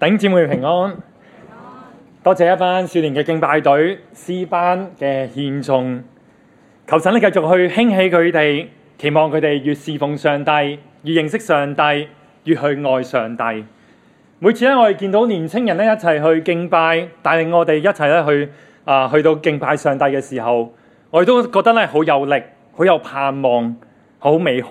頂姊妹平安，多謝一班少年嘅敬拜隊、詩班嘅獻頌。求神咧繼續去興起佢哋，期望佢哋越侍奉上帝，越認識上帝，越去愛上帝。每次咧我哋見到年青人咧一齊去敬拜，帶領我哋一齊咧去啊去到敬拜上帝嘅時候，我哋都覺得咧好有力，好有盼望，好美好。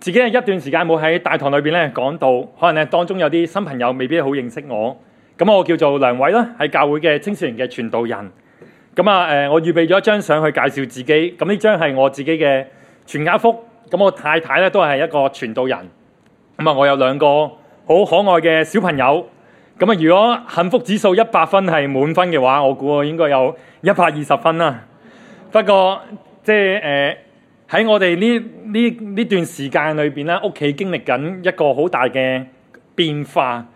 自己係一段時間冇喺大堂裏邊咧講道，可能咧當中有啲新朋友未必好認識我，咁我叫做梁煒啦，係教會嘅青少年嘅傳道人。咁啊，誒，我預備咗一張相去介紹自己，咁呢張係我自己嘅全家福。咁我太太咧都係一個傳道人。咁啊，我有兩個好可愛嘅小朋友。咁啊，如果幸福指數一百分係滿分嘅話，我估我應該有一百二十分啦。不過即係誒。呃喺我哋呢呢呢段時間裏邊咧，屋企經歷緊一個好大嘅變化。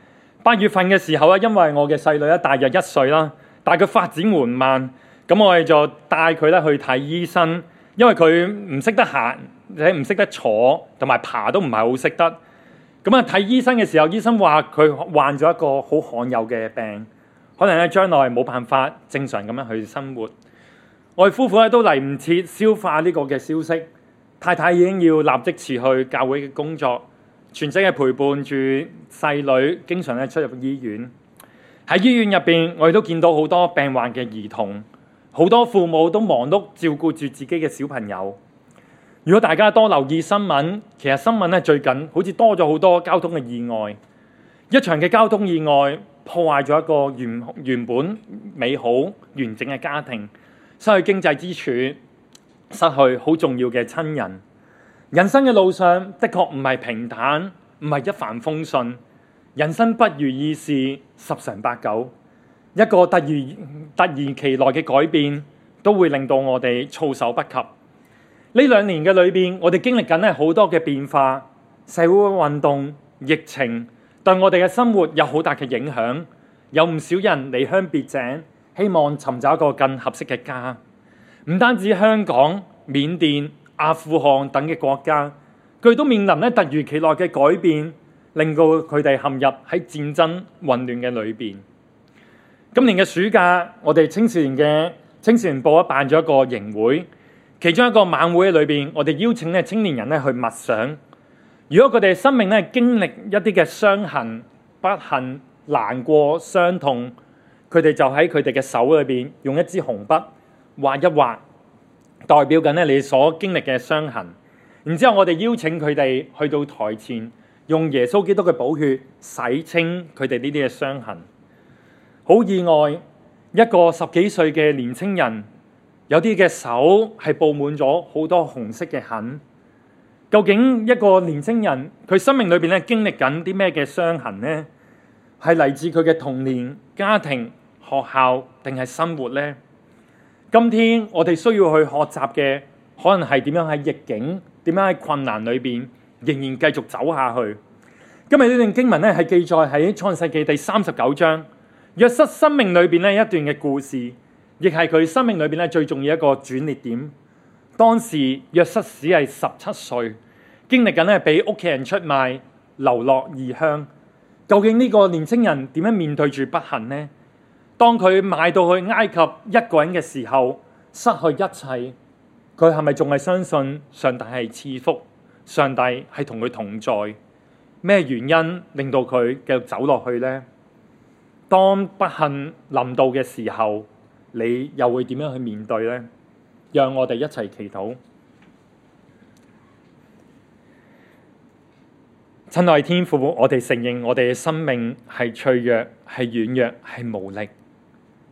八月份嘅時候咧，因為我嘅細女咧大約一歲啦，但係佢發展緩慢，咁我哋就帶佢咧去睇醫生，因為佢唔識得行，而唔識得坐同埋爬都唔係好識得。咁啊，睇醫生嘅時候，醫生話佢患咗一個好罕有嘅病，可能喺將來冇辦法正常咁樣去生活。我哋夫婦咧都嚟唔切消化呢個嘅消息，太太已經要立即辭去教會嘅工作，全職係陪伴住細女，經常咧出入醫院。喺醫院入邊，我哋都見到好多病患嘅兒童，好多父母都忙碌照顧住自己嘅小朋友。如果大家多留意新聞，其實新聞咧最近好似多咗好多交通嘅意外，一場嘅交通意外破壞咗一個原原本美好完整嘅家庭。失去經濟支柱，失去好重要嘅親人，人生嘅路上，的確唔係平坦，唔係一帆風順，人生不如意事十常八九，一個突然突然其來嘅改變，都會令到我哋措手不及。呢兩年嘅裏邊，我哋經歷緊係好多嘅變化，社會運動、疫情，對我哋嘅生活有好大嘅影響，有唔少人離鄉別井。希望尋找一個更合適嘅家，唔單止香港、緬甸、阿富汗等嘅國家，佢都面臨咧突如其來嘅改變，令到佢哋陷入喺戰爭混亂嘅裏邊。今年嘅暑假，我哋青少年嘅青少年部啊辦咗一個營會，其中一個晚會裏邊，我哋邀請咧青年人咧去默想，如果佢哋生命咧經歷一啲嘅傷痕、不幸、難過、傷痛。佢哋就喺佢哋嘅手裏邊，用一支紅筆畫一畫，代表緊咧你所經歷嘅傷痕。然之後，我哋邀請佢哋去到台前，用耶穌基督嘅寶血洗清佢哋呢啲嘅傷痕。好意外，一個十幾歲嘅年青人，有啲嘅手係布滿咗好多紅色嘅痕。究竟一個年青人，佢生命裏邊咧經歷緊啲咩嘅傷痕呢？係嚟自佢嘅童年家庭、學校定係生活呢？今天我哋需要去學習嘅，可能係點樣喺逆境，點樣喺困難裏邊，仍然繼續走下去。今日呢段經文咧係記載喺創世記第三十九章約瑟生命裏邊咧一段嘅故事，亦係佢生命裏邊咧最重要一個轉捩點。當時約瑟只係十七歲，經歷緊咧俾屋企人出賣，流落異鄉。究竟呢個年青人點樣面對住不幸呢？當佢賣到去埃及一個人嘅時候，失去一切，佢係咪仲係相信上帝係賜福，上帝係同佢同在？咩原因令到佢繼續走落去呢？當不幸臨到嘅時候，你又會點樣去面對呢？讓我哋一齊祈禱，親愛天父，我哋承認我哋嘅生命係脆弱、係軟弱、係無力。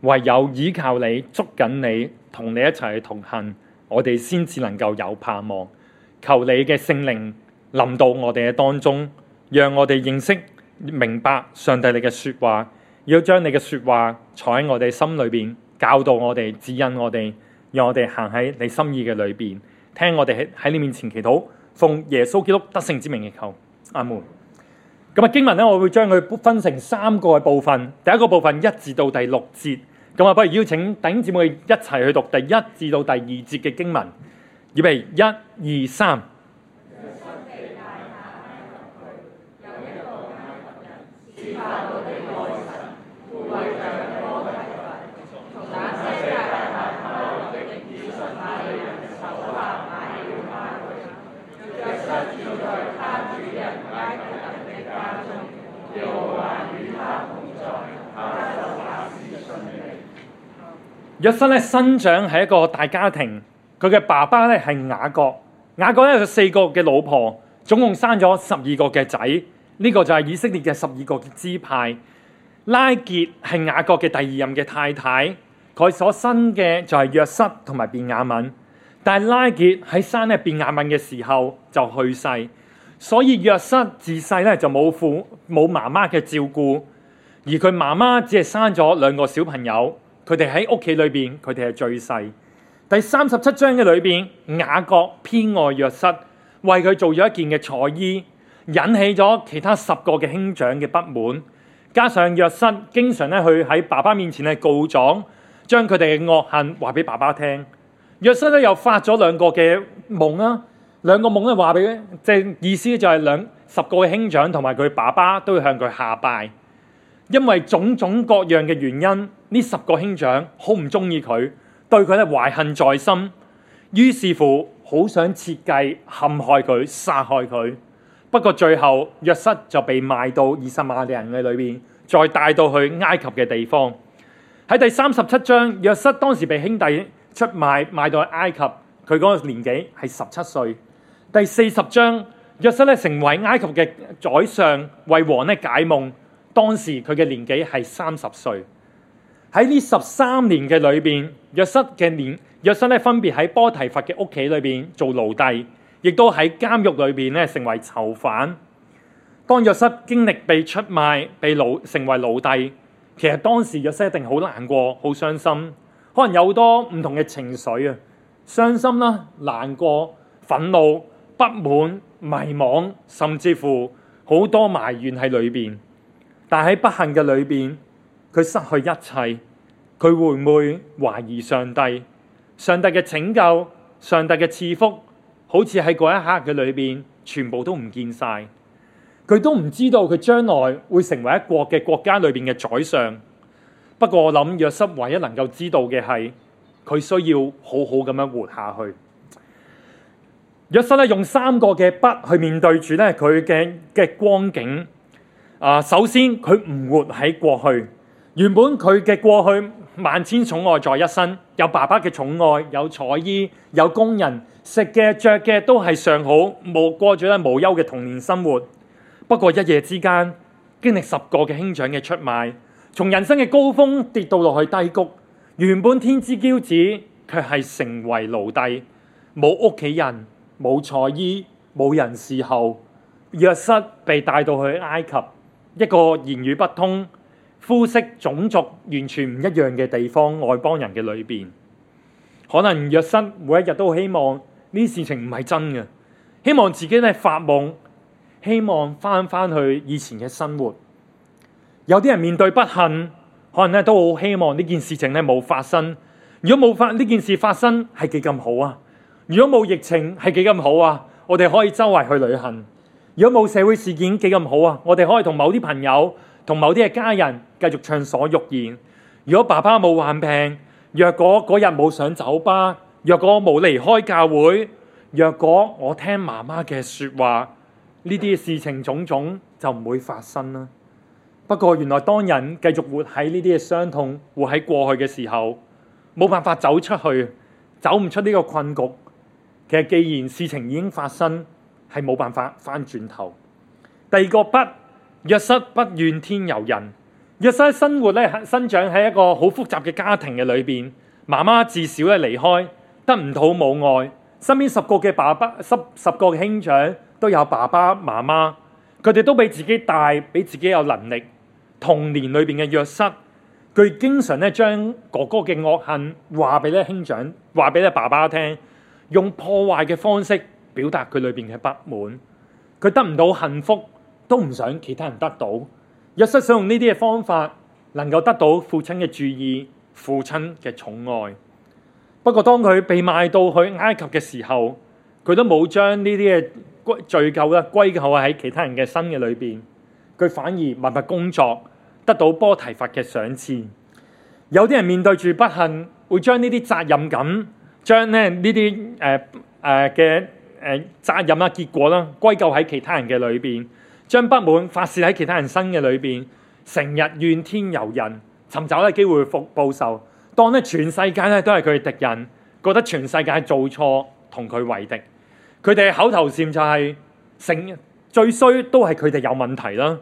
唯有依靠你，捉緊你，同你一齊去同行，我哋先至能夠有盼望。求你嘅聖靈臨到我哋嘅當中，讓我哋認識、明白上帝你嘅說話，要將你嘅說話坐喺我哋心裏邊，教導我哋、指引我哋，讓我哋行喺你心意嘅裏邊，聽我哋喺你面前祈禱，奉耶穌基督得勝之名祈求，阿門。咁啊，經文呢我會將佢分成三個部分，第一個部分一至到第六節。咁啊，不如邀請弟兄姊妹一齊去讀第一至到第二節嘅經文，預備，一二三。 約瑟咧生長喺一個大家庭，佢嘅爸爸咧係雅各，雅各咧有四個嘅老婆，總共生咗十二個嘅仔，呢個就係以色列嘅十二個支派。拉結係雅各嘅第二任嘅太太，佢所生嘅就係約瑟同埋便雅憫，但係拉結喺生咧便雅憫嘅時候就去世，所以約瑟自細咧就冇父冇媽媽嘅照顧，而佢媽媽只係生咗兩個小朋友。佢哋喺屋企裏邊，佢哋係最細。第三十七章嘅裏邊，雅各偏愛約瑟，為佢做咗一件嘅彩衣，引起咗其他十個嘅兄長嘅不滿。加上約瑟經常咧去喺爸爸面前咧告狀，將佢哋嘅惡行話俾爸爸聽。約瑟咧又發咗兩個嘅夢啊，兩個夢咧話俾，即係意思就係兩十個嘅兄長同埋佢爸爸都要向佢下拜。因為種種各樣嘅原因，呢十個兄長好唔中意佢，對佢咧懷恨在心，於是乎好想設計陷害佢，殺害佢。不過最後約瑟就被賣到以實瑪利人嘅裏邊，再帶到去埃及嘅地方。喺第三十七章，約瑟當時被兄弟出賣，賣到去埃及，佢嗰個年紀係十七歲。第四十章，約瑟咧成為埃及嘅宰相，為王咧解夢。當時佢嘅年紀係三十歲。喺呢十三年嘅裏邊，約瑟嘅年約瑟咧分別喺波提佛嘅屋企裏邊做奴隸，亦都喺監獄裏邊咧成為囚犯。當約瑟經歷被出賣、被奴成為奴隸，其實當時約瑟一定好難過、好傷心，可能有好多唔同嘅情緒啊，傷心啦、難過、憤怒、不滿、迷惘，甚至乎好多埋怨喺裏邊。但喺不幸嘅裏邊，佢失去一切，佢會唔會懷疑上帝？上帝嘅拯救、上帝嘅賜福，好似喺嗰一刻嘅裏邊，全部都唔見晒。佢都唔知道佢將來會成為一國嘅國家裏邊嘅宰相。不過我諗，約瑟唯一能夠知道嘅係，佢需要好好咁樣活下去。約瑟咧用三個嘅筆去面對住咧佢嘅嘅光景。首先佢唔活喺過去，原本佢嘅過去萬千寵愛在一身，有爸爸嘅寵愛，有彩衣，有工人，食嘅着嘅都係上好，冇過咗咧無憂嘅童年生活。不過一夜之間，經歷十個嘅兄長嘅出賣，從人生嘅高峰跌到落去低谷。原本天之驕子，卻係成為奴隸，冇屋企人，冇彩衣，冇人侍候，約瑟被帶到去埃及。一個言語不通、膚色、種族完全唔一樣嘅地方外邦人嘅裏邊，可能約瑟每一日都好希望呢啲事情唔係真嘅，希望自己咧發夢，希望翻翻去以前嘅生活。有啲人面對不幸，可能咧都好希望呢件事情咧冇發生。如果冇發呢件事發生，係幾咁好啊？如果冇疫情，係幾咁好啊？我哋可以周圍去旅行。如果冇社會事件幾咁好啊，我哋可以同某啲朋友、同某啲嘅家人繼續暢所欲言。如果爸爸冇患病，若果嗰日冇上酒吧，若果我冇離開教會，若果我聽媽媽嘅説話，呢啲嘅事情種種就唔會發生啦。不過原來當人繼續活喺呢啲嘅傷痛、活喺過去嘅時候，冇辦法走出去，走唔出呢個困局。其實既然事情已經發生，係冇辦法翻轉頭。第二個不，約瑟不怨天尤人。約瑟生活咧，生長喺一個好複雜嘅家庭嘅裏邊。媽媽至少咧離開，得唔到母愛。身邊十個嘅爸爸，十十個嘅兄長都有爸爸媽媽，佢哋都比自己大，比自己有能力。童年裏邊嘅約瑟，佢經常咧將哥哥嘅惡恨話俾咧兄長，話俾咧爸爸聽，用破壞嘅方式。表達佢裏邊嘅不滿，佢得唔到幸福，都唔想其他人得到。若是使用呢啲嘅方法能夠得到父親嘅注意、父親嘅寵愛。不過當佢被賣到去埃及嘅時候，佢都冇將呢啲嘅罪咎咧歸咎喺其他人嘅心嘅裏邊，佢反而默默工作，得到波提法嘅賞賜。有啲人面對住不幸，會將呢啲責任感，將咧呢啲誒誒嘅。呃呃誒責任啊，結果啦，歸咎喺其他人嘅裏邊，將不滿發洩喺其他人身嘅裏邊，成日怨天尤人，尋找嘅機會復報仇，當咧全世界咧都係佢嘅敵人，覺得全世界做錯，同佢為敵。佢哋口頭禪就係、是、成最衰都係佢哋有問題啦，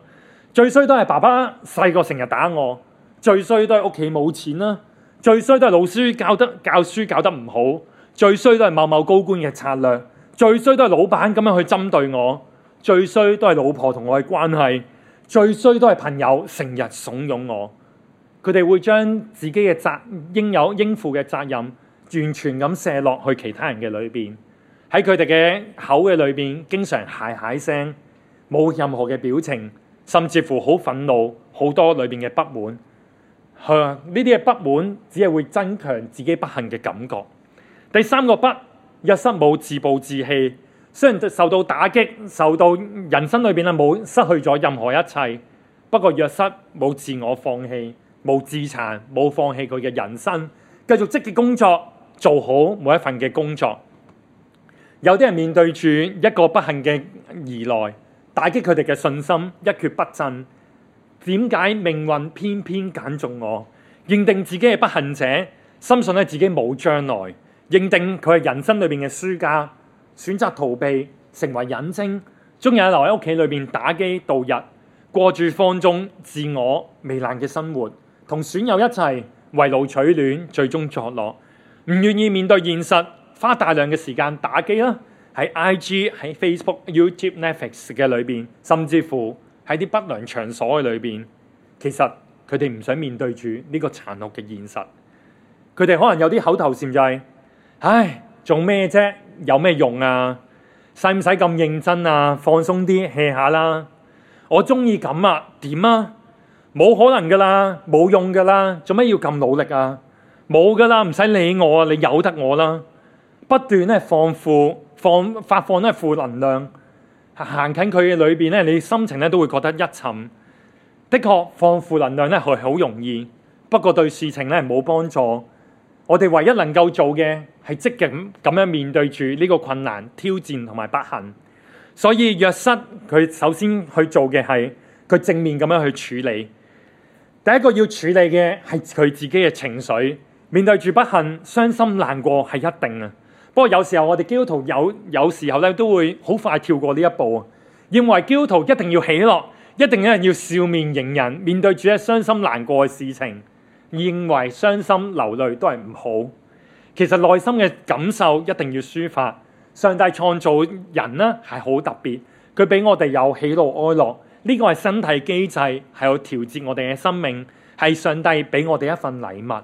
最衰都係爸爸細個成日打我，最衰都係屋企冇錢啦，最衰都係老師教得教書教得唔好，最衰都係某某高官嘅策略。最衰都係老闆咁樣去針對我，最衰都係老婆同我嘅關係，最衰都係朋友成日慫恿我，佢哋會將自己嘅責應有應負嘅責任完全咁卸落去其他人嘅裏邊，喺佢哋嘅口嘅裏邊經常蟹蟹聲，冇任何嘅表情，甚至乎好憤怒，好多裏邊嘅不滿。呢啲嘅不滿只係會增強自己不幸嘅感覺。第三個不。若瑟冇自暴自棄，雖然受到打擊，受到人生裏邊冇失去咗任何一切，不過若瑟冇自我放棄，冇自殘，冇放棄佢嘅人生，繼續積極工作，做好每一份嘅工作。有啲人面對住一個不幸嘅而來，打擊佢哋嘅信心，一蹶不振。點解命運偏偏揀中我？認定自己係不幸者，深信咧自己冇將來。認定佢係人生裏面嘅輸家，選擇逃避，成為隱青，鍾意留喺屋企裏面打機度日，過住放縱自我、糜爛嘅生活，同損友一齊圍爐取暖，最終作樂，唔願意面對現實，花大量嘅時間打機啦，喺 I G 喺 Facebook、YouTube、Netflix 嘅裏邊，甚至乎喺啲不良場所嘅裏邊。其實佢哋唔想面對住呢個殘酷嘅現實，佢哋可能有啲口頭禪就係、是。唉，做咩啫？有咩用啊？使唔使咁認真啊？放鬆啲，hea 下啦！我中意咁啊，點啊？冇可能噶啦，冇用噶啦，做咩要咁努力啊？冇噶啦，唔使理我啊！你由得我啦。不斷咧放負放發放咧負能量，行近佢嘅裏邊咧，你心情咧都會覺得一沉。的確，放負能量咧係好容易，不過對事情咧冇幫助。我哋唯一能夠做嘅。係積極咁咁樣面對住呢個困難、挑戰同埋不幸，所以約瑟佢首先去做嘅係佢正面咁樣去處理。第一個要處理嘅係佢自己嘅情緒，面對住不幸、傷心、難過係一定啊。不過有時候我哋基督徒有有時候咧都會好快跳過呢一步啊，認為基督徒一定要喜樂，一定咧要笑面迎人，面對住一傷心難過嘅事情，認為傷心流淚都係唔好。其實內心嘅感受一定要抒發。上帝創造人呢，係好特別，佢俾我哋有喜怒哀樂，呢個係身體機制，係有調節我哋嘅生命，係上帝俾我哋一份禮物。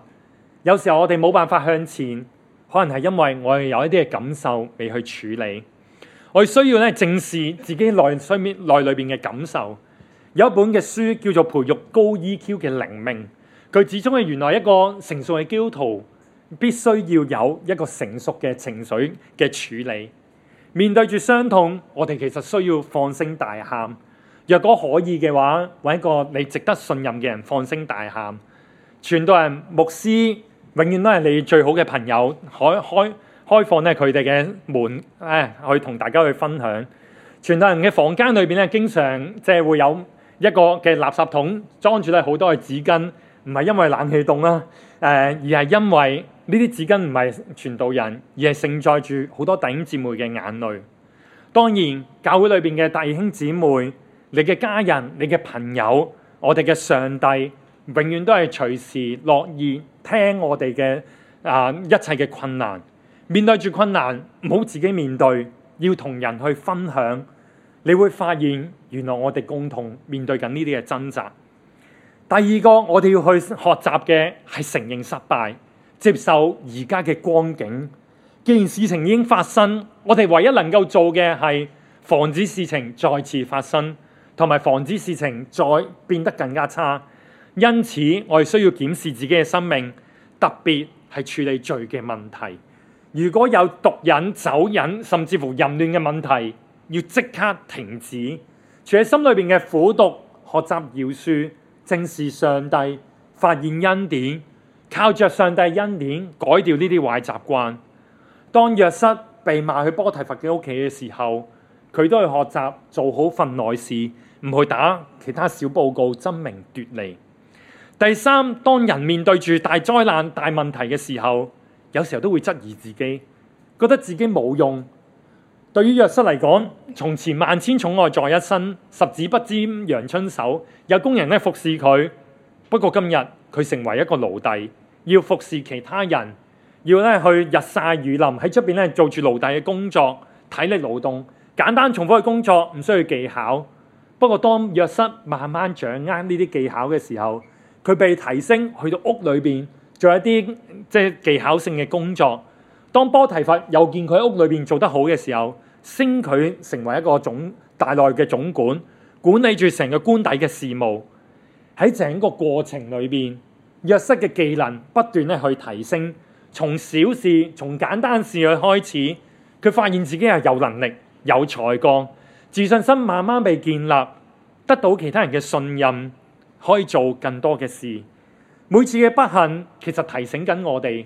有時候我哋冇辦法向前，可能係因為我哋有一啲嘅感受未去處理，我哋需要咧正視自己內裏面內裏面內裏邊嘅感受。有一本嘅書叫做《培育高 EQ 嘅靈命》，佢始終係原來一個成熟嘅基督徒。必須要有一個成熟嘅情緒嘅處理，面對住傷痛，我哋其實需要放聲大喊。若果可以嘅話，揾一個你值得信任嘅人放聲大喊。傳道人牧師永遠都係你最好嘅朋友，開開開放咧佢哋嘅門咧，去同大家去分享。傳道人嘅房間裏邊咧，經常即係會有一個嘅垃圾桶裝住咧好多嘅紙巾，唔係因為冷氣凍啦，誒、呃、而係因為。呢啲紙巾唔係傳道人，而係盛載住好多弟兄姊妹嘅眼淚。當然，教會裏邊嘅弟兄姊妹、你嘅家人、你嘅朋友、我哋嘅上帝，永遠都係隨時樂意聽我哋嘅啊一切嘅困難。面對住困難，唔好自己面對，要同人去分享，你會發現原來我哋共同面對緊呢啲嘅掙扎。第二個，我哋要去學習嘅係承認失敗。接受而家嘅光景，既然事情已經發生，我哋唯一能夠做嘅係防止事情再次發生，同埋防止事情再變得更加差。因此，我哋需要檢視自己嘅生命，特別係處理罪嘅問題。如果有毒癮酒癮甚至乎淫亂嘅問題，要即刻停止。除喺心裏邊嘅苦毒、學習、饒恕，正是上帝發現恩典。靠着上帝恩典改掉呢啲壞習慣。當約瑟被賣去波提佛嘅屋企嘅時候，佢都去學習做好份內事，唔去打其他小報告爭名奪利。第三，當人面對住大災難、大問題嘅時候，有時候都會質疑自己，覺得自己冇用。對於約瑟嚟講，從前萬千寵愛在一身，十指不沾陽春手，有工人咧服侍佢。不過今日，佢成為一個奴隸，要服侍其他人，要咧去日曬雨淋喺出邊咧做住奴隸嘅工作，體力勞動，簡單重複嘅工作，唔需要技巧。不過當約瑟慢慢掌握呢啲技巧嘅時候，佢被提升去到屋裏邊做一啲即係技巧性嘅工作。當波提佛又見佢喺屋裏邊做得好嘅時候，升佢成為一個總大內嘅總管，管理住成個官邸嘅事務。喺整個過程裏邊，約瑟嘅技能不斷咧去提升，從小事、從簡單事去開始，佢發現自己係有能力、有才幹，自信心慢慢被建立，得到其他人嘅信任，可以做更多嘅事。每次嘅不幸其實提醒緊我哋，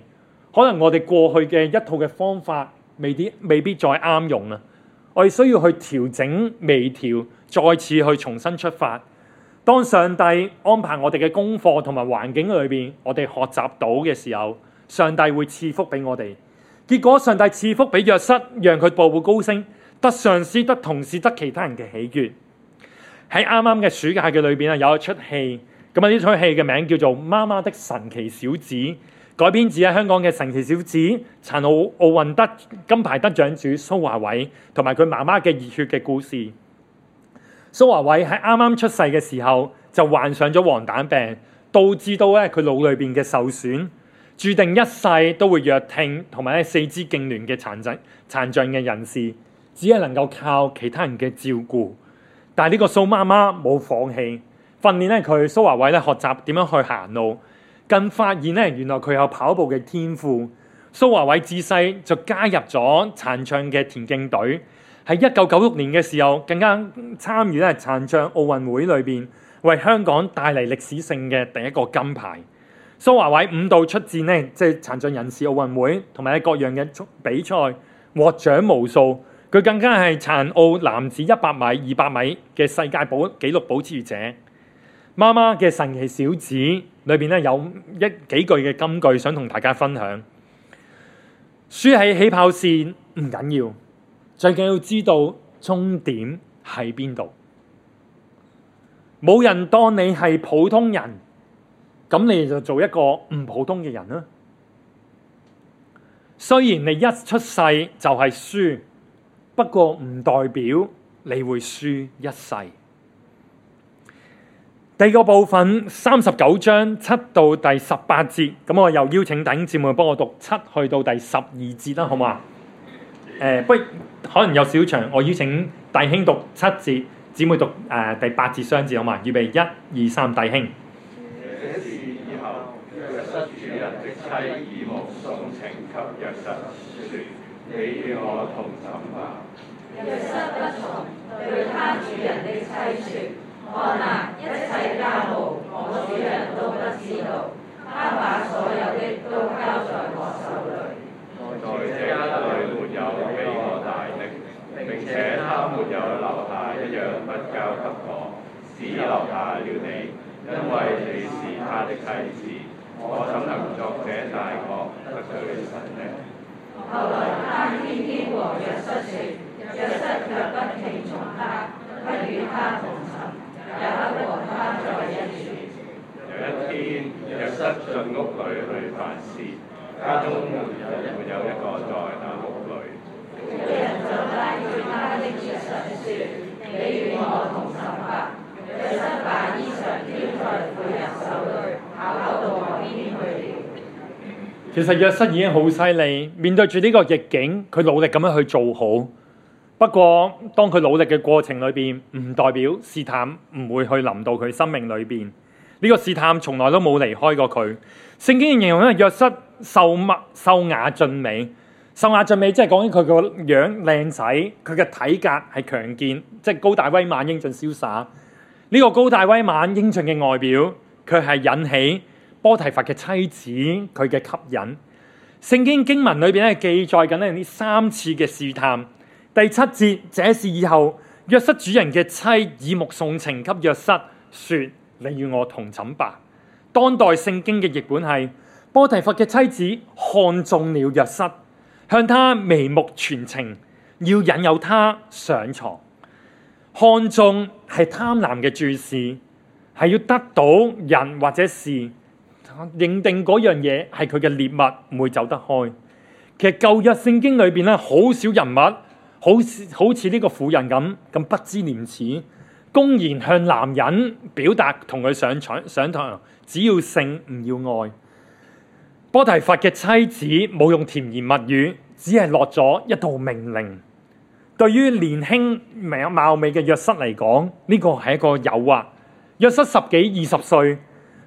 可能我哋過去嘅一套嘅方法未必未必再啱用啦，我哋需要去調整微調，再次去重新出發。當上帝安排我哋嘅功課同埋環境裏邊，我哋學習到嘅時候，上帝會賜福畀我哋。結果上帝賜福俾約瑟，讓佢步步高升，得上司、得同事、得其他人嘅喜悅。喺啱啱嘅暑假嘅裏邊啊，有一出戲，咁啊呢出戲嘅名叫做《媽媽的神奇小子》，改編自喺香港嘅《神奇小子》殘奧奧運得金牌得獎主蘇華偉同埋佢媽媽嘅熱血嘅故事。蘇華偉喺啱啱出世嘅時候就患上咗黃疸病，導致到咧佢腦裏邊嘅受損，注定一世都會弱聽同埋咧四肢痙攣嘅殘疾殘障嘅人士，只係能夠靠其他人嘅照顧。但係呢個蘇媽媽冇放棄，訓練咧佢蘇華偉咧學習點樣去行路，更發現咧原來佢有跑步嘅天賦。蘇華偉自細就加入咗殘障嘅田徑隊。喺一九九六年嘅時候，更加參與咧殘障奧運會裏邊，為香港帶嚟歷史性嘅第一個金牌。蘇華偉五度出戰呢，即係殘障人士奧運會同埋各樣嘅比賽，獲獎無數。佢更加係殘奧男子一百米、二百米嘅世界保紀錄保持者。媽媽嘅神奇小子裏邊咧有一幾句嘅金句，想同大家分享：輸喺起跑線唔緊要。最緊要知道終點喺邊度。冇人當你係普通人，咁你就做一個唔普通嘅人啦。雖然你一出世就係輸，不過唔代表你會輸一世。第二個部分，三十九章七到第十八節，咁我又邀請弟兄姊妹幫我讀七去到第十二節啦，好嘛？誒、呃，不。可能有小場，我邀請弟兄讀七節，姊妹讀誒、呃、第八節雙字。好嘛？預備一二三，弟兄。在這裏沒有比我大的，並且他沒有留下一樣不交給我，只留下了你，因為你是他的妻子。我怎能作這大惡得罪神呢？後來他天天和約瑟說，約瑟卻不聽從他，不與他同寢，也不和他在一處。有一天，約瑟進屋裏去辦事。家中沒有沒有一個在那屋裏。其實約瑟已經好犀利，面對住呢個逆境，佢努力咁樣去做好。不過，當佢努力嘅過程裏邊，唔代表試探唔會去臨到佢生命裏邊。呢個試探從來都冇離開過佢。聖經形容咧約瑟秀麥秀雅俊美，秀雅俊美即係講緊佢個樣靚仔，佢嘅體格係強健，即係高大威猛、英俊瀟灑。呢個高大威猛、英俊嘅外表，佢係引起波提佛嘅妻子佢嘅吸引。聖經經文裏邊咧記載緊咧呢三次嘅試探，第七節，這是以後約瑟主人嘅妻以目送情，給約瑟說：你與我同枕吧。當代聖經嘅譯本係波提佛嘅妻子看中了約瑟，向他眉目傳情，要引誘他上床。看中係貪婪嘅注視，係要得到人或者事，認定嗰樣嘢係佢嘅獵物，唔會走得開。其實舊約聖經裏邊咧，好少人物，好好似呢個婦人咁咁不知廉恥，公然向男人表達同佢上床上床。只要性唔要愛，波提佛嘅妻子冇用甜言蜜語，只係落咗一道命令。對於年輕貌美嘅約瑟嚟講，呢個係一個誘惑。約瑟十幾二十歲，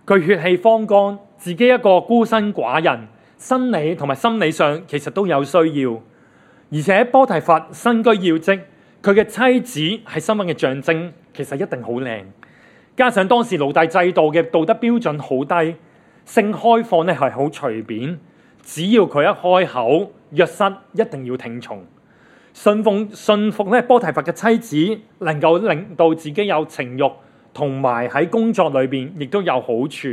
佢血氣方剛，自己一個孤身寡人，生理同埋心理上其實都有需要。而且波提佛身居要職，佢嘅妻子係身份嘅象徵，其實一定好靚。加上當時奴隸制度嘅道德標準好低，性開放咧係好隨便，只要佢一開口，約瑟一定要聽從，信奉信服咧波提乏嘅妻子能夠令到自己有情欲，同埋喺工作裏邊亦都有好處。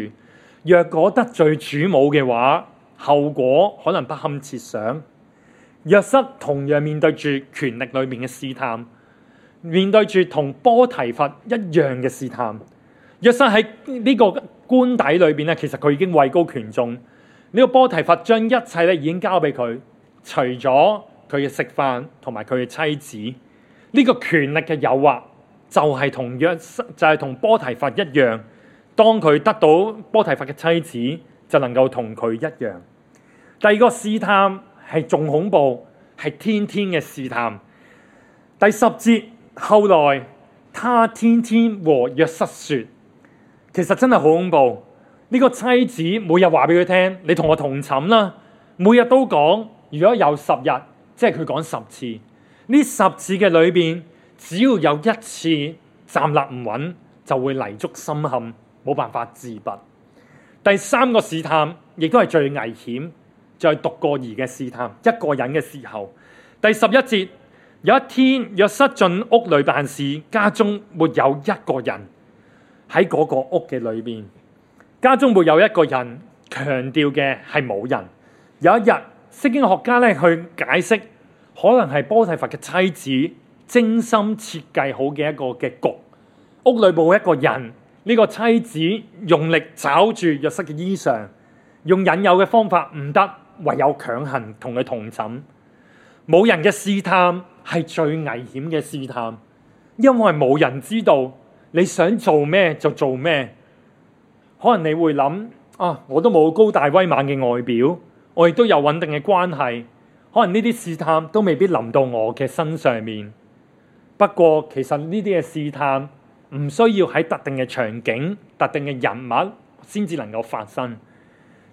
若果得罪主母嘅話，後果可能不堪設想。約瑟同樣面對住權力裏面嘅試探。面對住同波提佛一樣嘅試探，約瑟喺呢個官邸裏邊咧，其實佢已經位高權重。呢個波提佛將一切咧已經交俾佢，除咗佢嘅食飯同埋佢嘅妻子，呢個權力嘅誘惑就係同約就係同波提佛一樣。當佢得到波提佛嘅妻子，就能夠同佢一樣。第二個試探係仲恐怖，係天天嘅試探。第十節。後來，他天天和約瑟說，其實真係好恐怖。呢、這個妻子每日話俾佢聽，你同我同寢啦，每日都講。如果有十日，即係佢講十次，呢十次嘅裏邊，只要有一次站立唔穩，就會泥足深陷，冇辦法自拔。第三個試探亦都係最危險，就係獨個兒嘅試探，一個人嘅時候。第十一節。有一天，若瑟進屋內辦事，家中沒有一個人喺嗰個屋嘅裏面，家中沒有一個人，強調嘅係冇人。有一日，聖經學家咧去解釋，可能係波提乏嘅妻子精心設計好嘅一個嘅局。屋內冇一個人，呢、這個妻子用力抓住若瑟嘅衣裳，用引誘嘅方法唔得，唯有強行同佢同枕。冇人嘅試探，係最危險嘅試探，因為冇人知道你想做咩就做咩。可能你會諗啊，我都冇高大威猛嘅外表，我亦都有穩定嘅關係。可能呢啲試探都未必臨到我嘅身上面。不過其實呢啲嘅試探唔需要喺特定嘅場景、特定嘅人物先至能夠發生。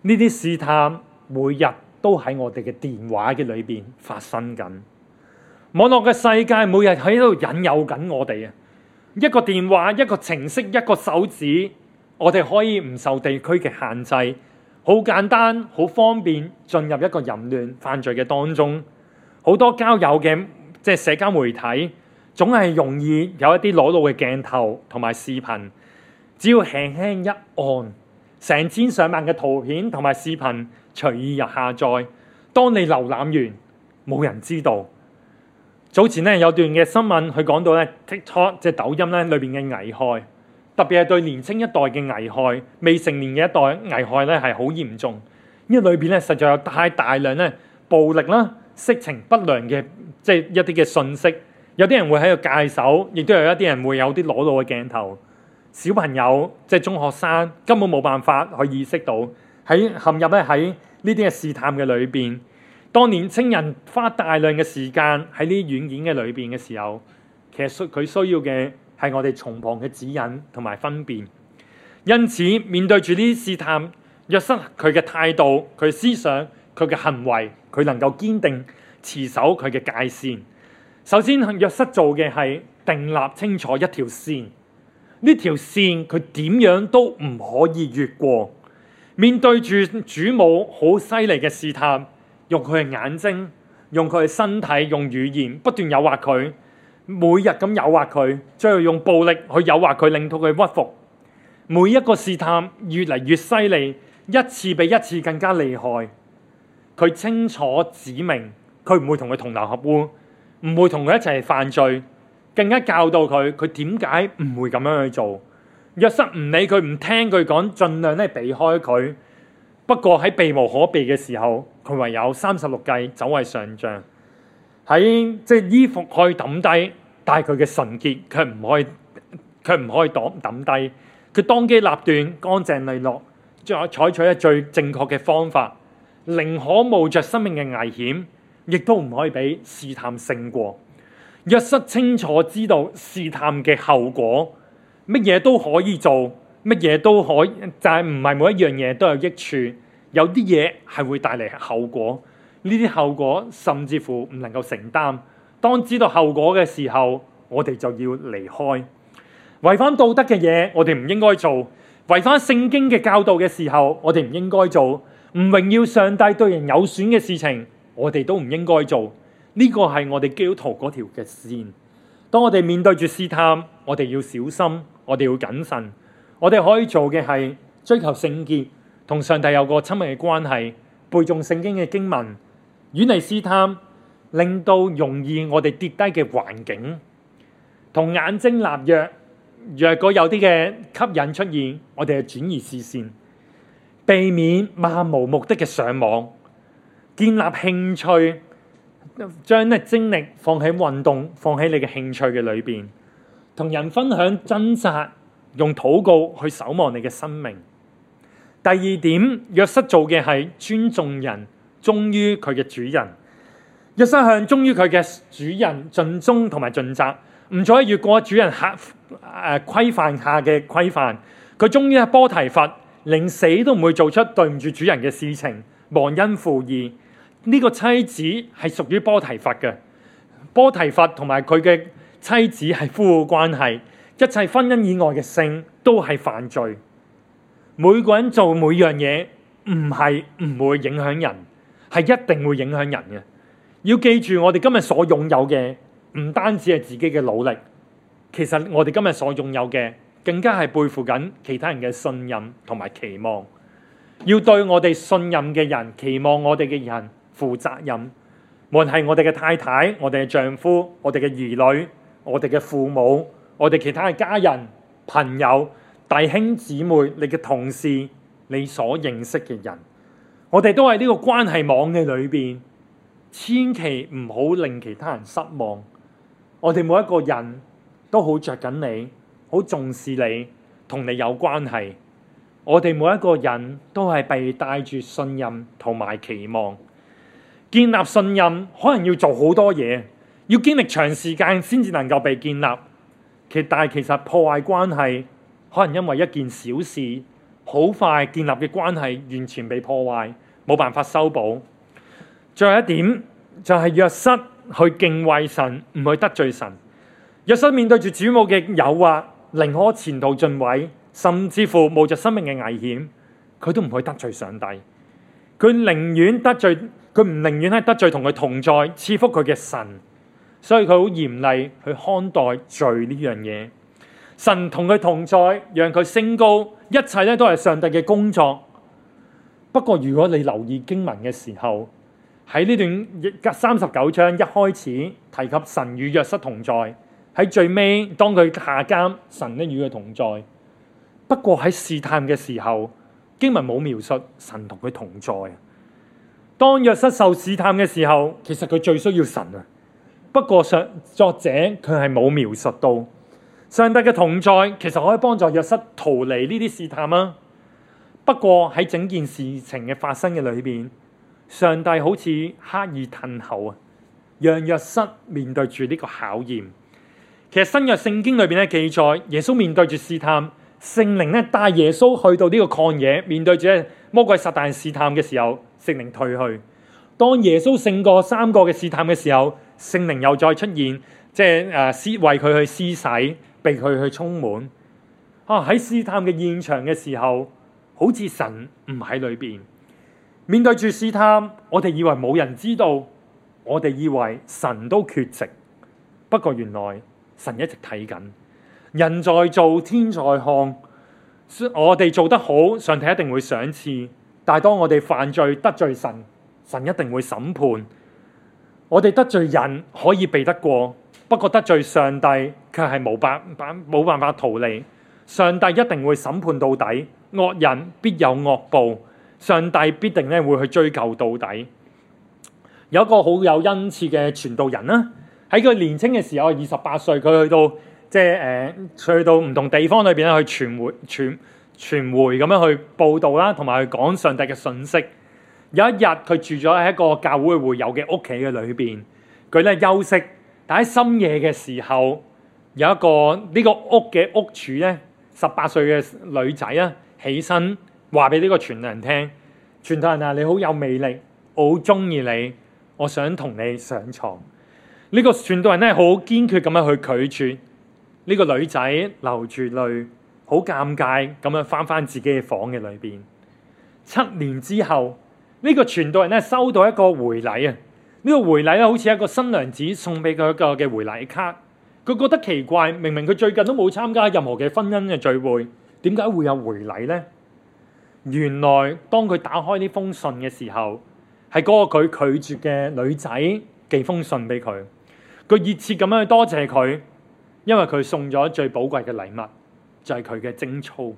呢啲試探每日都喺我哋嘅電話嘅裏邊發生緊。網絡嘅世界每日喺度引誘緊我哋啊！一個電話，一個程式，一個手指，我哋可以唔受地區嘅限制，好簡單，好方便進入一個淫亂犯罪嘅當中。好多交友嘅，即係社交媒體，總係容易有一啲裸露嘅鏡頭同埋視頻。只要輕輕一按，成千上萬嘅圖片同埋視頻隨意入下載。當你瀏覽完，冇人知道。早前咧有段嘅新聞，佢講到咧 TikTok 即係抖音咧裏邊嘅危害，特別係對年輕一代嘅危害，未成年嘅一代危害咧係好嚴重。因為裏邊咧實在有太大量咧暴力啦、色情不良嘅即係一啲嘅信息，有啲人會喺度戒手，亦都有一啲人會有啲裸露嘅鏡頭。小朋友即係中學生，根本冇辦法去意識到喺陷入咧喺呢啲嘅試探嘅裏邊。當年青人花大量嘅時間喺呢啲軟件嘅裏邊嘅時候，其實佢需要嘅係我哋從旁嘅指引同埋分辨。因此面對住呢啲試探，約瑟佢嘅態度、佢思想、佢嘅行為，佢能夠堅定持守佢嘅界線。首先，約瑟做嘅係定立清楚一條線，呢條線佢點樣都唔可以越過。面對住主母好犀利嘅試探。用佢嘅眼睛，用佢嘅身體，用語言不斷誘惑佢，每日咁誘惑佢，最後用暴力去誘惑佢，令到佢屈服。每一個試探越嚟越犀利，一次比一次更加厲害。佢清楚指明，佢唔會同佢同流合污，唔會同佢一齊犯罪，更加教導佢佢點解唔會咁樣去做。約瑟唔理佢，唔聽佢講，盡量咧避開佢。不過喺避無可避嘅時候，佢唯有三十六計走為上將。喺即係衣服可以抌低，但係佢嘅神潔卻唔可以，卻唔可以擋抌低。佢當機立斷，乾淨利落，最後採取一最正確嘅方法，寧可冒着生命嘅危險，亦都唔可以俾試探勝過。若失清楚知道試探嘅後果，乜嘢都可以做。乜嘢都可以，但係唔係每一樣嘢都有益處。有啲嘢係會帶嚟後果，呢啲後果甚至乎唔能夠承擔。當知道後果嘅時候，我哋就要離開。違反道德嘅嘢，我哋唔應該做；違反聖經嘅教導嘅時候，我哋唔應該做。唔榮耀上帝對人有損嘅事情，我哋都唔應該做。呢、呢個係我哋基督徒嗰條嘅線。當我哋面對住試探，我哋要小心，我哋要謹慎。我哋可以做嘅係追求聖潔，同上帝有個親密嘅關係，背誦聖經嘅經文，遠離試探，令到容易我哋跌低嘅環境，同眼睛立約，若果有啲嘅吸引出現，我哋就轉移視線，避免漫無目的嘅上網，建立興趣，將啲精力放喺運動，放喺你嘅興趣嘅裏邊，同人分享掙扎。用禱告去守望你嘅生命。第二點，約瑟做嘅係尊重人，忠於佢嘅主人。約瑟向忠於佢嘅主人盡忠同埋盡責，唔再越過主人下誒、呃、規範下嘅規範。佢忠於波提乏，寧死都唔會做出對唔住主人嘅事情，忘恩負義。呢、這個妻子係屬於波提乏嘅，波提乏同埋佢嘅妻子係夫婦關係。一切婚姻以外嘅性都係犯罪。每個人做每樣嘢唔係唔會影響人，係一定會影響人嘅。要記住，我哋今日所擁有嘅唔單止係自己嘅努力，其實我哋今日所擁有嘅更加係背負緊其他人嘅信任同埋期望。要對我哋信任嘅人、期望我哋嘅人負責任，無論係我哋嘅太太、我哋嘅丈夫、我哋嘅兒女、我哋嘅父母。我哋其他嘅家人、朋友、弟兄姊妹，你嘅同事，你所認識嘅人，我哋都喺呢個關係網嘅裏邊，千祈唔好令其他人失望。我哋每一個人都好着緊你，好重視你，同你有關係。我哋每一個人都係被帶住信任同埋期望。建立信任可能要做好多嘢，要經歷長時間先至能夠被建立。其但係其實破壞關係，可能因為一件小事，好快建立嘅關係完全被破壞，冇辦法修補。最後一點就係、是、約瑟去敬畏神，唔去得罪神。約瑟面對住主母嘅誘惑，寧可前途盡毀，甚至乎冒着生命嘅危險，佢都唔去得罪上帝。佢寧願得罪，佢唔寧願係得罪同佢同在賜福佢嘅神。所以佢好嚴厲去看待罪呢樣嘢。神同佢同在，讓佢升高，一切咧都係上帝嘅工作。不過如果你留意經文嘅時候，喺呢段三十九章一開始提及神與約瑟同在，喺最尾當佢下監，神咧與佢同在。不過喺試探嘅時候，經文冇描述神同佢同在。當約瑟受試探嘅時候，其實佢最需要神啊。不過上作者佢係冇描述到上帝嘅同在，其實可以幫助約瑟逃離呢啲試探啊。不過喺整件事情嘅發生嘅裏邊，上帝好似刻意褪後啊，讓約瑟面對住呢個考驗。其實新約聖經裏邊咧記載，耶穌面對住試探，聖靈咧帶耶穌去到呢個曠野，面對住魔鬼撒旦試探嘅時候，聖靈退去。當耶穌勝過三個嘅試探嘅時候，聖靈又再出現，即係誒施為佢去施洗，被佢去充滿。啊！喺試探嘅現場嘅時候，好似神唔喺裏邊。面對住試探，我哋以為冇人知道，我哋以為神都缺席。不過原來神一直睇緊，人在做，天在看。我哋做得好，上帝一定會賞賜；但係當我哋犯罪得罪神，神一定會審判。我哋得罪人可以避得過，不過得罪上帝卻係冇辦法逃離。上帝一定會審判到底，惡人必有惡報，上帝必定咧會去追究到底。有一個好有恩賜嘅傳道人啦，喺佢年輕嘅時候，二十八歲，佢去到即係誒、呃、去到唔同地方裏邊去傳回傳傳媒咁樣去報道啦，同埋去講上帝嘅信息。有一日，佢住咗喺一個教會會友嘅屋企嘅裏邊，佢咧休息。但喺深夜嘅時候，有一個呢個屋嘅屋主咧，十八歲嘅女仔咧起身話俾呢個傳道人聽：「傳道人啊，你好有魅力，我好中意你，我想同你上床。」呢個傳道人咧好堅決咁樣去拒絕呢個女仔，流住淚，好尷尬咁樣返返自己嘅房嘅裏邊。七年之後。呢個傳道人咧收到一個回禮啊，呢、這個回禮咧好似一個新娘子送俾佢一個嘅回禮卡，佢覺得奇怪，明明佢最近都冇參加任何嘅婚姻嘅聚會，點解會有回禮呢？原來當佢打開呢封信嘅時候，係嗰個佢拒絕嘅女仔寄封信俾佢，佢熱切咁樣去多謝佢，因為佢送咗最寶貴嘅禮物，就係佢嘅貞操，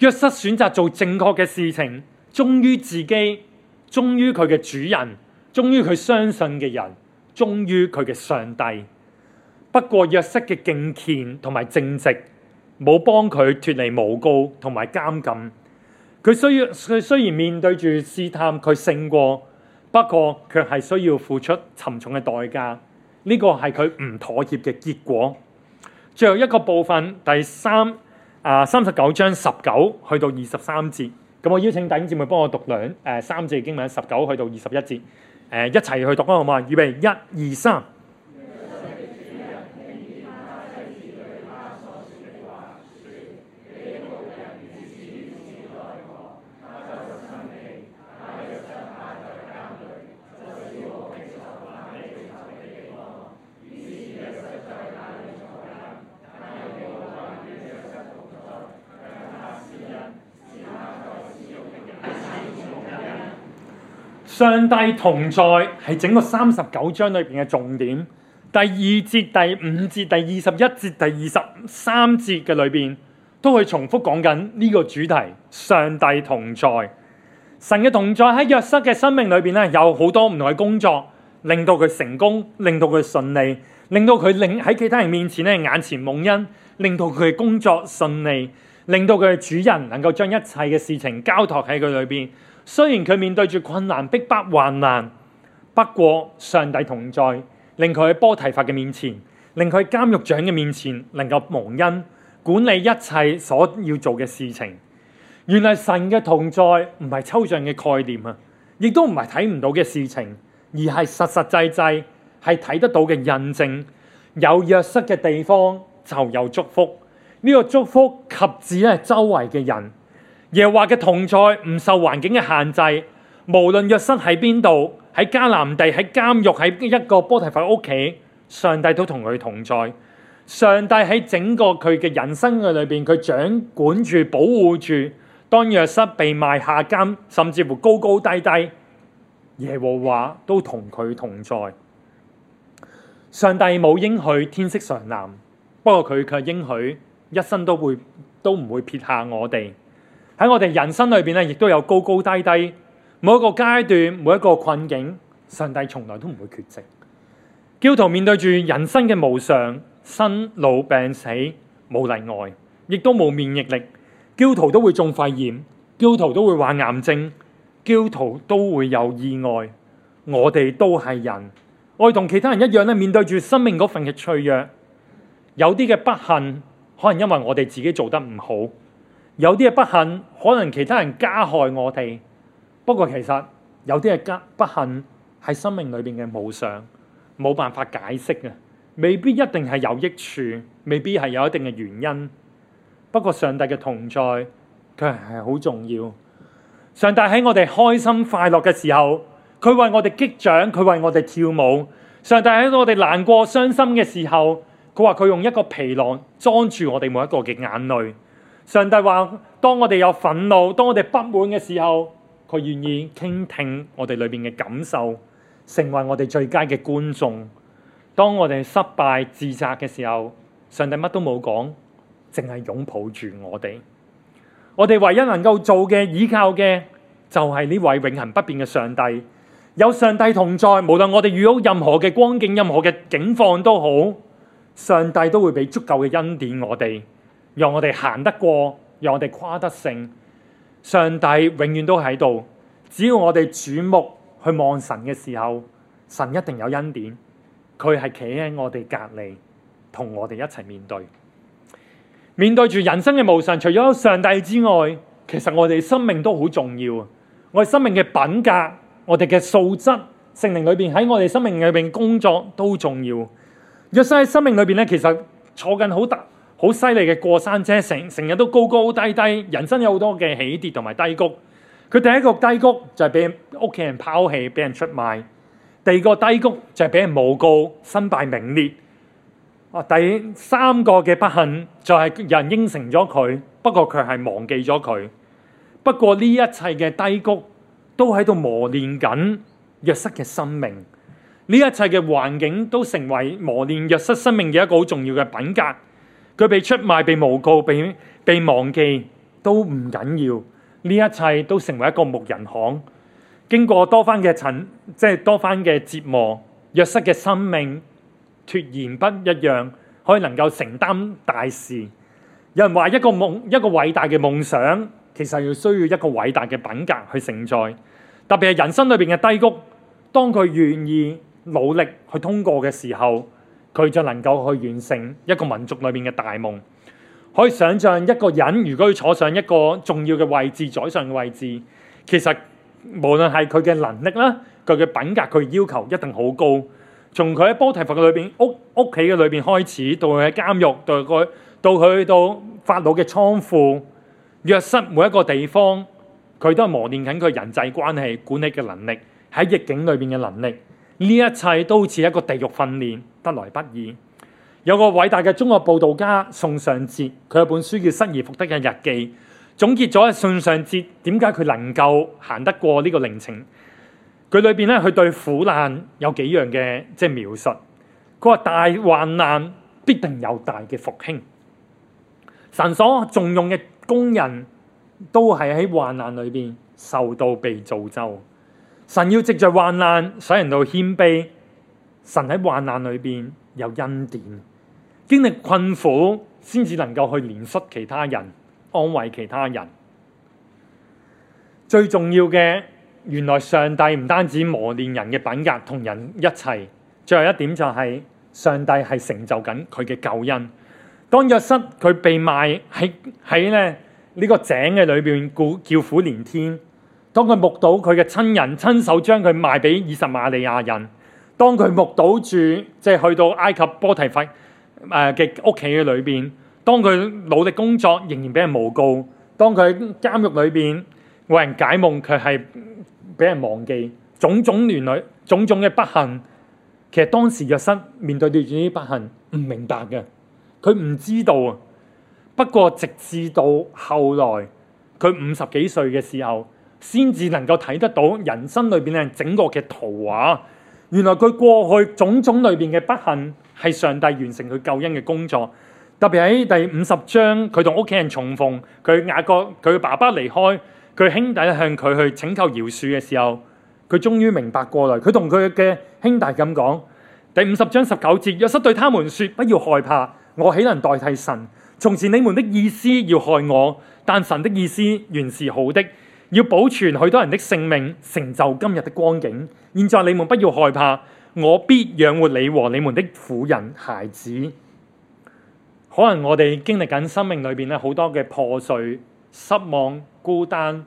若失選擇做正確嘅事情。忠於自己，忠於佢嘅主人，忠於佢相信嘅人，忠於佢嘅上帝。不過，約瑟嘅敬虔同埋正直，冇幫佢脫離誣告同埋監禁。佢需要佢雖然面對住試探，佢勝過，不過卻係需要付出沉重嘅代價。呢個係佢唔妥協嘅結果。最後一個部分，第三啊，三十九章十九去到二十三節。咁我邀請弟兄姊妹幫我讀兩誒、呃、三節經文，十九去到二十一節，誒、呃、一齊去讀啦，好嘛？預備，一、二、三。上帝同在係整個三十九章裏邊嘅重點，第二節、第五節、第二十一節、第二十三節嘅裏邊都會重複講緊呢個主題：上帝同在，神嘅同在喺約瑟嘅生命裏邊呢有好多唔同嘅工作，令到佢成功，令到佢順利，令到佢令喺其他人面前呢眼前蒙恩，令到佢工作順利，令到佢嘅主人能夠將一切嘅事情交託喺佢裏邊。雖然佢面對住困難逼迫患難，不過上帝同在，令佢喺波提法嘅面前，令佢喺監獄長嘅面前，能夠蒙恩管理一切所要做嘅事情。原來神嘅同在唔係抽象嘅概念啊，亦都唔係睇唔到嘅事情，而係實實際際係睇得到嘅印證。有約瑟嘅地方就有祝福，呢、這個祝福及至咧周圍嘅人。耶和華嘅同在唔受環境嘅限制，無論約瑟喺邊度，喺迦南地，喺監獄，喺一個波提乏屋企，上帝都同佢同在。上帝喺整個佢嘅人生嘅裏邊，佢掌管住、保護住。當約瑟被賣下監，甚至乎高高低低，耶和華都同佢同在。上帝冇應許天色常藍，不過佢卻應許一生都會都唔會撇下我哋。喺我哋人生裏邊咧，亦都有高高低低，每一個階段，每一個困境，上帝從來都唔會缺席。教徒面對住人生嘅無常、生老病死，冇例外，亦都冇免疫力。教徒都會中肺炎，教徒都會患癌症，教徒都會有意外。我哋都係人，我哋同其他人一樣咧，面對住生命嗰份嘅脆弱，有啲嘅不幸，可能因為我哋自己做得唔好。有啲嘅不幸，可能其他人加害我哋。不過其實有啲嘅不不幸，係生命裏邊嘅無常，冇辦法解釋嘅，未必一定係有益處，未必係有一定嘅原因。不過上帝嘅同在，佢係好重要。上帝喺我哋開心快樂嘅時候，佢為我哋擊掌，佢為我哋跳舞。上帝喺我哋難過傷心嘅時候，佢話佢用一個皮囊裝住我哋每一個嘅眼淚。上帝話：當我哋有憤怒、當我哋不滿嘅時候，佢願意傾聽我哋裏邊嘅感受，成為我哋最佳嘅觀眾。當我哋失敗自責嘅時候，上帝乜都冇講，淨係擁抱住我哋。我哋唯一能夠做嘅、依靠嘅，就係、係、呢位永恆不變嘅上帝。有上帝同在，無論我哋遇到任何嘅光景、任何嘅境況都好，上帝都會畀足夠嘅恩典我哋。讓我哋行得過，讓我哋跨得勝。上帝永遠都喺度，只要我哋矚目去望神嘅時候，神一定有恩典。佢係企喺我哋隔籬，同我哋一齊面對。面對住人生嘅無常，除咗有上帝之外，其實我哋生命都好重要。我哋生命嘅品格，我哋嘅素質，聖靈裏邊喺我哋生命裏邊工作都重要。若晒喺生命裏邊咧，其實坐緊好大。好犀利嘅過山車，成成日都高高低低。人生有好多嘅起跌同埋低谷。佢第一個低谷就係畀屋企人拋棄，俾人出賣；第二個低谷就係俾人誣告，身敗名裂，啊。第三個嘅不幸就係有人應承咗佢，不過佢係忘記咗佢。不過呢一切嘅低谷都喺度磨練緊約瑟嘅生命。呢一切嘅環境都成為磨練約瑟生命嘅一個好重要嘅品格。佢被出賣、被誣告、被被忘記，都唔緊要。呢一切都成為一個木人巷，經過多番嘅診，即係多番嘅折磨，弱失嘅生命，突然不一樣，可以能夠承擔大事。有人話一個夢，一個偉大嘅夢想，其實要需要一個偉大嘅品格去承載。特別係人生裏邊嘅低谷，當佢願意努力去通過嘅時候。佢就能夠去完成一個民族裏邊嘅大夢。可以想象一個人，如果要坐上一個重要嘅位置、宰相嘅位置，其實無論係佢嘅能力啦，佢嘅品格，佢要求一定好高。從佢喺波提佛嘅裏邊屋屋企嘅裏邊開始，到佢喺監獄到佢到佢到法老嘅倉庫，約室每一個地方，佢都係磨練緊佢人際關係管理嘅能力，喺逆境裏邊嘅能力。呢一切都似一個地獄訓練。得來不易，有個偉大嘅中國佈道家宋尚節，佢有本書叫《失而復得嘅日記》，總結咗宋尚節點解佢能夠行得過呢個靈程。佢裏邊咧，佢對苦難有幾樣嘅即係描述。佢話大患難必定有大嘅復興，神所重用嘅工人都係喺患難裏邊受到被造就。神要藉着患難使人到謙卑。神喺患難裏邊有恩典，經歷困苦先至能夠去憐恤其他人，安慰其他人。最重要嘅，原來上帝唔單止磨練人嘅品格同人一齊，最後一點就係、是、上帝係成就緊佢嘅救恩。當約瑟佢被賣喺喺咧呢個井嘅裏邊，故叫苦連天。當佢目睹佢嘅親人親手將佢賣畀以實瑪利亞人。當佢目睹住，即係去到埃及波提法誒嘅屋企嘅裏邊，當佢努力工作，仍然俾人誣告；當佢喺監獄裏邊為人解夢，佢係俾人忘記。種種連累，種種嘅不幸，其實當時約瑟面對住呢啲不幸，唔明白嘅，佢唔知道。啊，不過直至到後來，佢五十幾歲嘅時候，先至能夠睇得到人生裏邊嘅整個嘅圖畫。原來佢過去種種裏邊嘅不幸，係上帝完成佢救恩嘅工作。特別喺第五十章，佢同屋企人重逢，佢雅各、佢爸爸離開，佢兄弟向佢去請求饒恕嘅時候，佢終於明白過來。佢同佢嘅兄弟咁講：第五十章十九節，約瑟對他們說：不要害怕，我豈能代替神？從前你們的意思要害我，但神的意思原是好的，要保存許多人的性命，成就今日的光景。現在你們不要害怕，我必養活你和你們的婦人孩子。可能我哋經歷緊生命裏邊咧好多嘅破碎、失望、孤單，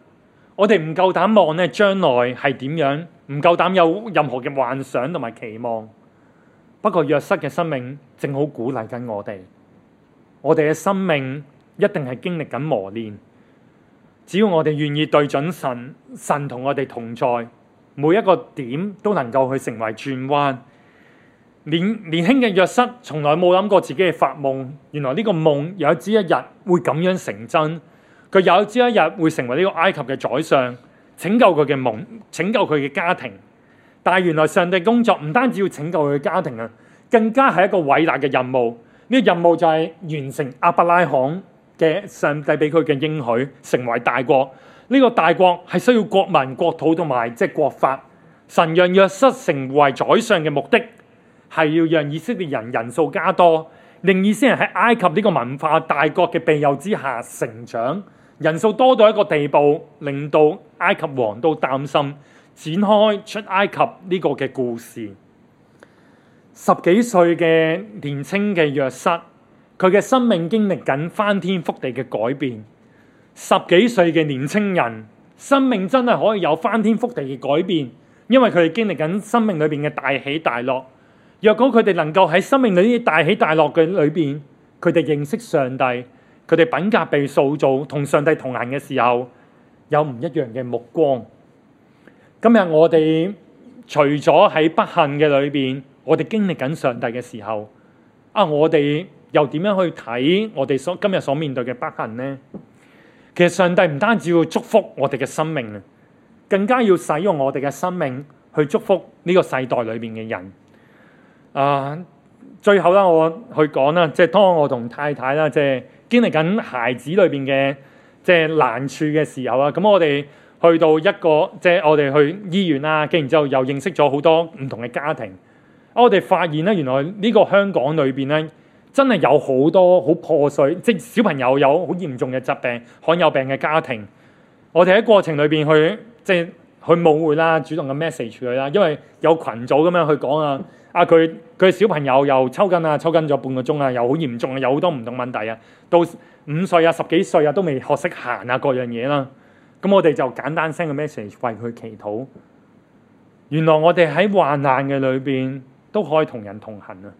我哋唔夠膽望咧將來係點樣，唔夠膽有任何嘅幻想同埋期望。不過約瑟嘅生命正好鼓勵緊我哋，我哋嘅生命一定係經歷緊磨練。只要我哋願意對準神，神同我哋同在，每一個點都能夠去成為轉彎。年年輕嘅約瑟從來冇諗過自己嘅發夢，原來呢個夢有朝一日會咁樣成真。佢有朝一日會成為呢個埃及嘅宰相，拯救佢嘅夢，拯救佢嘅家庭。但係原來上帝工作唔單止要拯救佢嘅家庭啊，更加係一個偉大嘅任務。呢個任務就係完成亞伯拉罕嘅上帝俾佢嘅應許，成為大國。呢個大國係需要國民、國土同埋即係國法。神讓約瑟成為宰相嘅目的，係要讓以色列人人數加多，令以色列人喺埃及呢個文化大國嘅庇佑之下成長，人數多到一個地步，令到埃及王都擔心，展開出埃及呢個嘅故事。十幾歲嘅年青嘅約瑟。佢嘅生命經歷緊翻天覆地嘅改變，十幾歲嘅年輕人生命真係可以有翻天覆地嘅改變，因為佢哋經歷緊生命裏邊嘅大起大落。若果佢哋能夠喺生命裏啲大起大落嘅裏邊，佢哋認識上帝，佢哋品格被塑造，同上帝同行嘅時候，有唔一樣嘅目光。今日我哋除咗喺不幸嘅裏邊，我哋經歷緊上帝嘅時候，啊，我哋。又點樣去睇我哋所今日所面對嘅不幸咧？其實上帝唔單止要祝福我哋嘅生命，更加要使用我哋嘅生命去祝福呢個世代裏邊嘅人。啊、呃，最後啦，我去講啦，即係當我同太太啦，即係經歷緊孩子裏邊嘅即係難處嘅時候啊，咁我哋去到一個即係我哋去醫院啦，跟住之後又認識咗好多唔同嘅家庭。我哋發現咧，原來呢個香港裏邊咧。真係有好多好破碎，即係小朋友有好嚴重嘅疾病，罕有病嘅家庭，我哋喺過程裏邊去，即係去冒會啦，主動嘅 message 佢啦。因為有群組咁樣去講啊，啊佢佢小朋友又抽筋啊，抽筋咗半個鐘啊，又好嚴重啊，有好多唔同問題啊，到五歲啊、十幾歲啊都未學識行啊各樣嘢啦。咁我哋就簡單 send 個 message 為佢祈禱。原來我哋喺患難嘅裏邊都可以同人同行啊！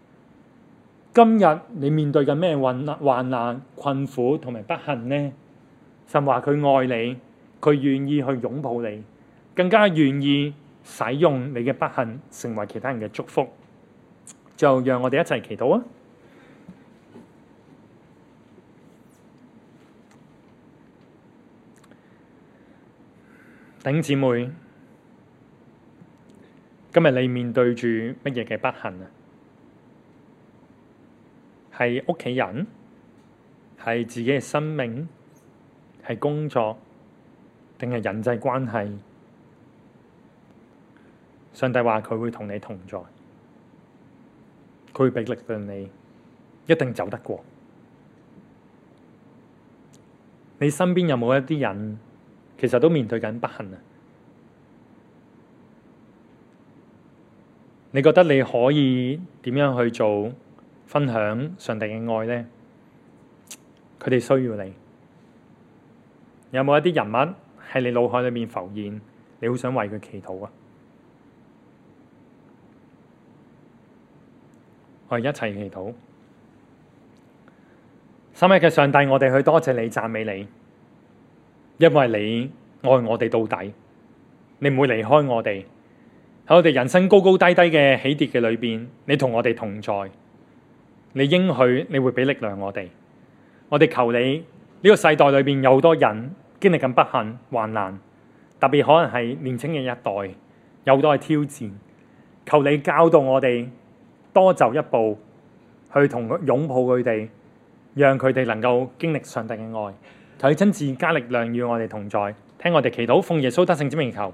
今日你面對嘅咩患患難、困苦同埋不幸呢？神話佢愛你，佢願意去擁抱你，更加願意使用你嘅不幸成為其他人嘅祝福。就讓我哋一齊祈禱啊！頂姊妹，今日你面對住乜嘢嘅不幸啊？係屋企人？係自己嘅生命？係工作，定係人際關係？上帝話佢會同你同在，佢會俾力量你，一定走得過。你身邊有冇一啲人，其實都面對緊不幸啊？你覺得你可以點樣去做？分享上帝嘅愛呢，佢哋需要你。有冇一啲人物喺你腦海裏面浮現？你好想為佢祈禱啊！我哋一齊祈禱。深愛嘅上帝，我哋去多謝你，贊美你，因為你愛我哋到底，你唔會離開我哋。喺我哋人生高高低低嘅起跌嘅裏邊，你同我哋同在。你應許你會俾力量我哋，我哋求你呢、這個世代裏邊有好多人經歷緊不幸患難，特別可能係年青嘅一代有好多嘅挑戰。求你教導我哋多走一步，去同擁抱佢哋，讓佢哋能夠經歷上帝嘅愛，睇親自加力量與我哋同在，聽我哋祈禱，奉耶穌得勝之名求。